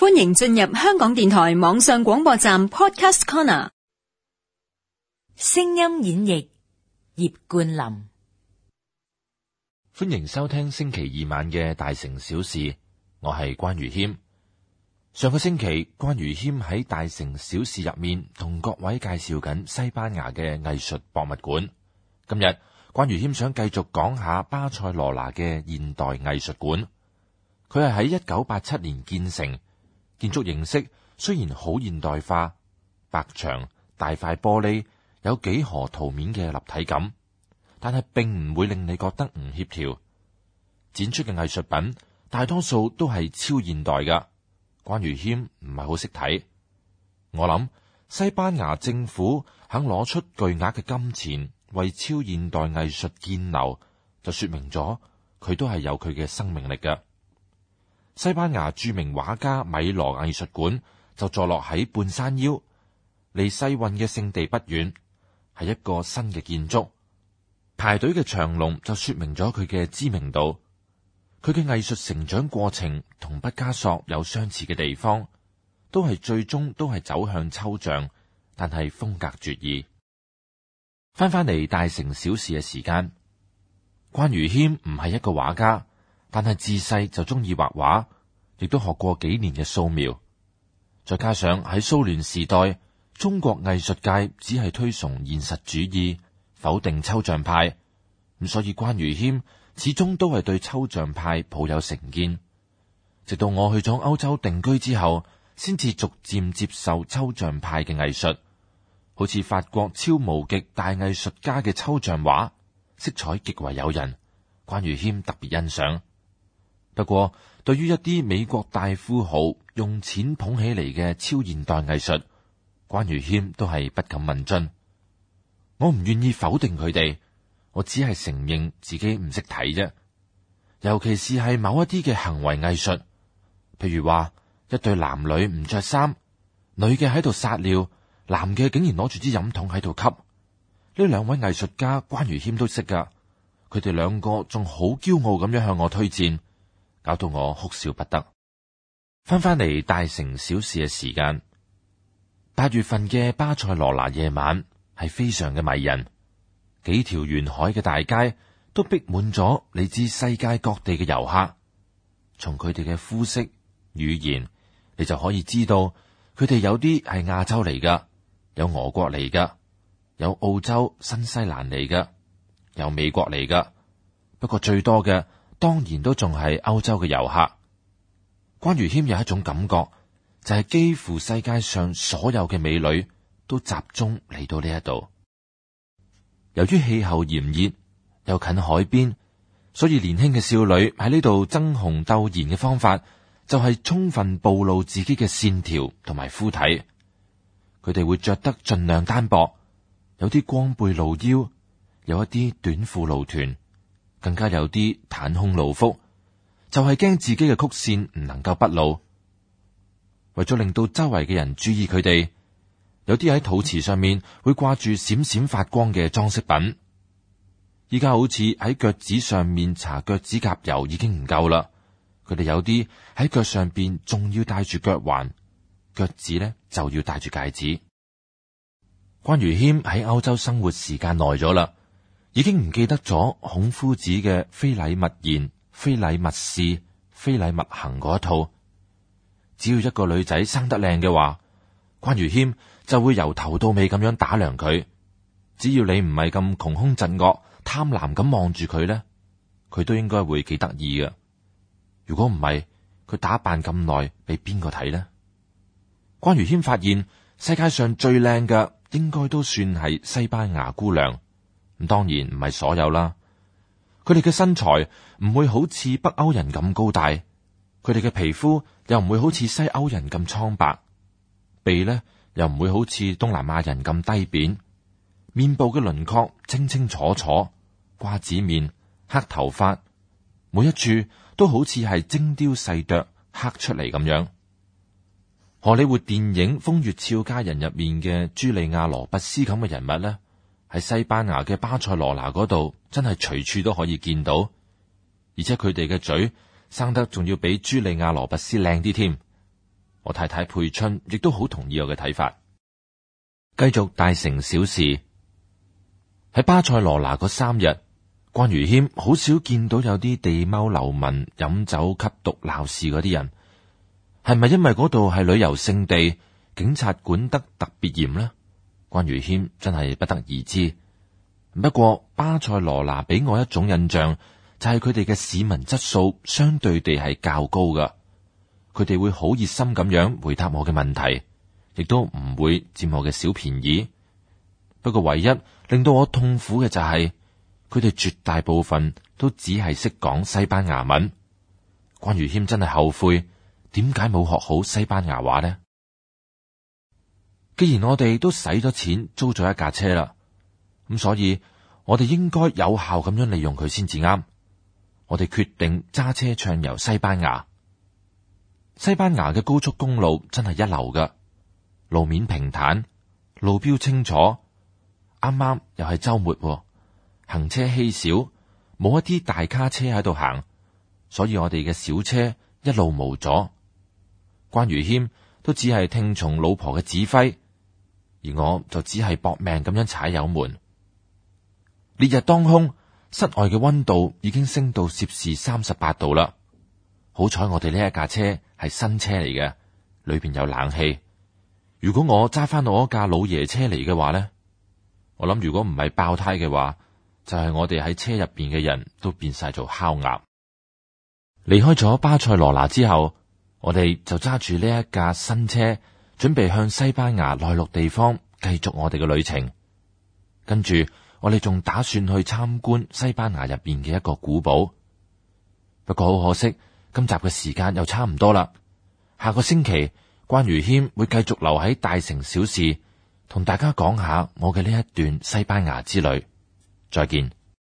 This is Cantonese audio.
歡迎進入香港電台網上廣播站 Podcast Corner，聲音演繹葉冠林。歡迎收聽星期二晚嘅《大城小事》，我係關愚謙。上個星期，關愚謙喺《大城小事》入面同各位介紹緊西班牙嘅藝術博物館。今日，關愚謙想繼續講下巴塞羅那嘅現代藝術館。佢係喺一九八七年建成。建築形式雖然好現代化，白牆、大塊玻璃、有幾何圖面嘅立體感，但係並唔會令你覺得唔協調。展出嘅藝術品大多數都係超現代嘅。關愚謙唔係好識睇，我諗西班牙政府肯攞出巨額嘅金錢為超現代藝術建樓，就說明咗佢都係有佢嘅生命力嘅。西班牙著名畫家米羅藝術館就坐落喺半山腰，離世運嘅聖地不遠，係一個新嘅建築。排隊嘅長龍就說明咗佢嘅知名度。佢嘅藝術成長過程同畢加索有相似嘅地方，都係最終都係走向抽象，但係風格絕異。翻返嚟大城小事嘅時間，關愚謙唔係一個畫家，但係自細就中意畫畫，亦都學過幾年嘅素描。再加上喺蘇聯時代，中國藝術界只係推崇現實主義，否定抽象派咁，所以關愚謙始終都係對抽象派抱有成見。直到我去咗歐洲定居之後，先至逐漸接受抽象派嘅藝術，好似法國超無極大藝術家嘅抽象畫，色彩極為誘人。關愚謙特別欣賞。不過，對於一啲美國大富豪用錢捧起嚟嘅超現代藝術，關愚謙都係不敢問津。我唔願意否定佢哋，我只係承認自己唔識睇啫。尤其是係某一啲嘅行為藝術，譬如話一對男女唔着衫，女嘅喺度撒尿，男嘅竟然攞住支飲筒喺度吸。呢兩位藝術家關愚謙都識噶，佢哋兩個仲好驕傲咁樣向我推薦。搞到我哭笑不得。翻返嚟大城小事嘅時間，八月份嘅巴塞羅那夜晚係非常嘅迷人。幾條沿海嘅大街都逼滿咗嚟自世界各地嘅遊客。從佢哋嘅膚色、語言，你就可以知道佢哋有啲係亞洲嚟噶，有俄國嚟噶，有澳洲、新西蘭嚟噶，有美國嚟噶。不過最多嘅。當然都仲係歐洲嘅遊客。關愚謙有一種感覺，就係幾乎世界上所有嘅美女都集中嚟到呢一度。由於氣候炎熱，又近海邊，所以年輕嘅少女喺呢度爭紅鬥艷嘅方法，就係充分暴露自己嘅線條同埋膚體。佢哋會着得盡量單薄，有啲光背露腰，有一啲短褲露臀。更加有啲袒胸露腹，就係驚自己嘅曲綫唔能夠不露。為咗令到周圍嘅人注意佢哋，有啲喺肚臍上面會掛住閃閃發光嘅裝飾品。依家好似喺腳趾上面搽腳趾甲油已經唔夠啦。佢哋有啲喺腳上邊仲要戴住腳環，腳趾咧就要戴住戒指。關愚謙喺歐洲生活時間耐咗啦。已經唔記得咗孔夫子嘅非禮勿言、非禮勿視、非禮勿行嗰一套。只要一個女仔生得靚嘅話，關愚謙就會由頭到尾咁樣打量佢。只要你唔係咁窮凶盡惡、貪婪咁望住佢咧，佢都應該會幾得意嘅。如果唔係，佢打扮咁耐，俾邊個睇呢？關愚謙發現世界上最靚嘅，應該都算係西班牙姑娘。咁當然唔係所有啦，佢哋嘅身材唔會好似北歐人咁高大，佢哋嘅皮膚又唔會好似西歐人咁蒼白，鼻呢又唔會好似東南亞人咁低扁，面部嘅輪廓清清楚楚，瓜子面、黑頭髮，每一處都好似係精雕細琢刻出嚟咁樣，荷里活電影《風月俏佳人》入面嘅朱莉亞·羅拔斯咁嘅人物呢。喺西班牙嘅巴塞羅那嗰度，真係隨處都可以見到，而且佢哋嘅嘴生得仲要比朱莉亞羅拔斯靚啲添。我太太佩春亦都好同意我嘅睇法。繼續大城小事，喺巴塞羅那嗰三日，關愚謙好少見到有啲地貓流民飲酒吸毒鬧事嗰啲人，係咪因為嗰度係旅遊勝地，警察管得特別嚴呢？關愚謙真係不得而知，不過巴塞羅那畀我一種印象，就係佢哋嘅市民質素相對地係較高㗎，佢哋會好熱心咁樣回答我嘅問題，亦都唔會佔我嘅小便宜。不過唯一令到我痛苦嘅就係、是，佢哋絕大部分都只係識講西班牙文。關愚謙真係後悔，點解冇學好西班牙話呢？既然我哋都使咗錢租咗一架車啦，咁所以我哋應該有效咁樣利用佢先至啱。我哋決定揸車暢遊西班牙。西班牙嘅高速公路真係一流㗎，路面平坦，路標清楚。啱啱又係周末，行車稀少，冇一啲大卡車喺度行，所以我哋嘅小車一路無阻。關愚謙都只係聽從老婆嘅指揮。而我就只係搏命咁樣踩油門，烈日當空，室外嘅溫度已經升到攝氏三十八度啦。好彩我哋呢一架車係新車嚟嘅，裏邊有冷氣。如果我揸翻我嗰架老爺車嚟嘅話呢，我諗，如果唔係爆胎嘅話，就係、是、我哋喺車入邊嘅人都變晒做烤鴨。離開咗巴塞羅那之後，我哋就揸住呢一架新車，準備向西班牙內陸地方繼續我哋嘅旅程，跟住我哋仲打算去參觀西班牙入邊嘅一個古堡。不過好可惜，今集嘅時間又差唔多啦。下個星期關愚謙會繼續留喺大城小事，同大家講下我嘅呢一段西班牙之旅。再見。